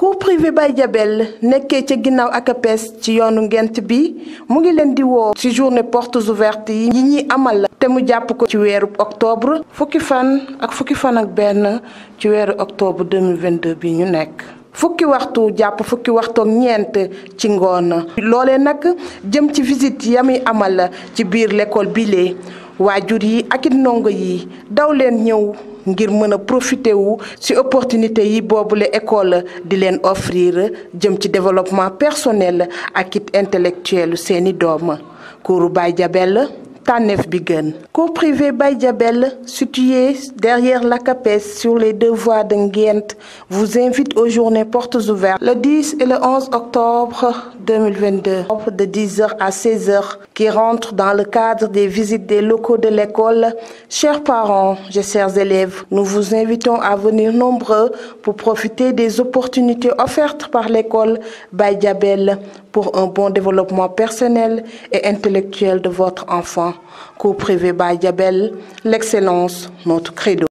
cours privé bay jabel nekkee ca ginnaaw ak APES ci yoonu ngent bi mu ngi leen di woo ci journée portes suverte yi ñuy amal te mu jàpp ko ci weeru octobre fukki fan ak fukki fan ak benn ci weeru octobre 2022 bi ñu nekk fukki waxtu jàpp fukki waxtu ñeent ci ngoon loole nag jëm ci visite yamuy amal ci biir lekkool bile waajur yi ak it ndongo yi daw leen ñëw ngir mën profiter profité wu ci opportunité yi le école di offrir jëm ci développement personnel ak intellectuel seeni doom Kourou Baye Jabell? Cour co privé derrière situé derrière la CAPES sur les deux voies de vous invite aux journées portes ouvertes le 10 et le 11 octobre 2022 de 10h à 16h qui rentrent dans le cadre des visites des locaux de l'école. Chers parents chers élèves, nous vous invitons à venir nombreux pour profiter des opportunités offertes par l'école Baï pour un bon développement personnel et intellectuel de votre enfant. co privé by l'excellence, notre credo.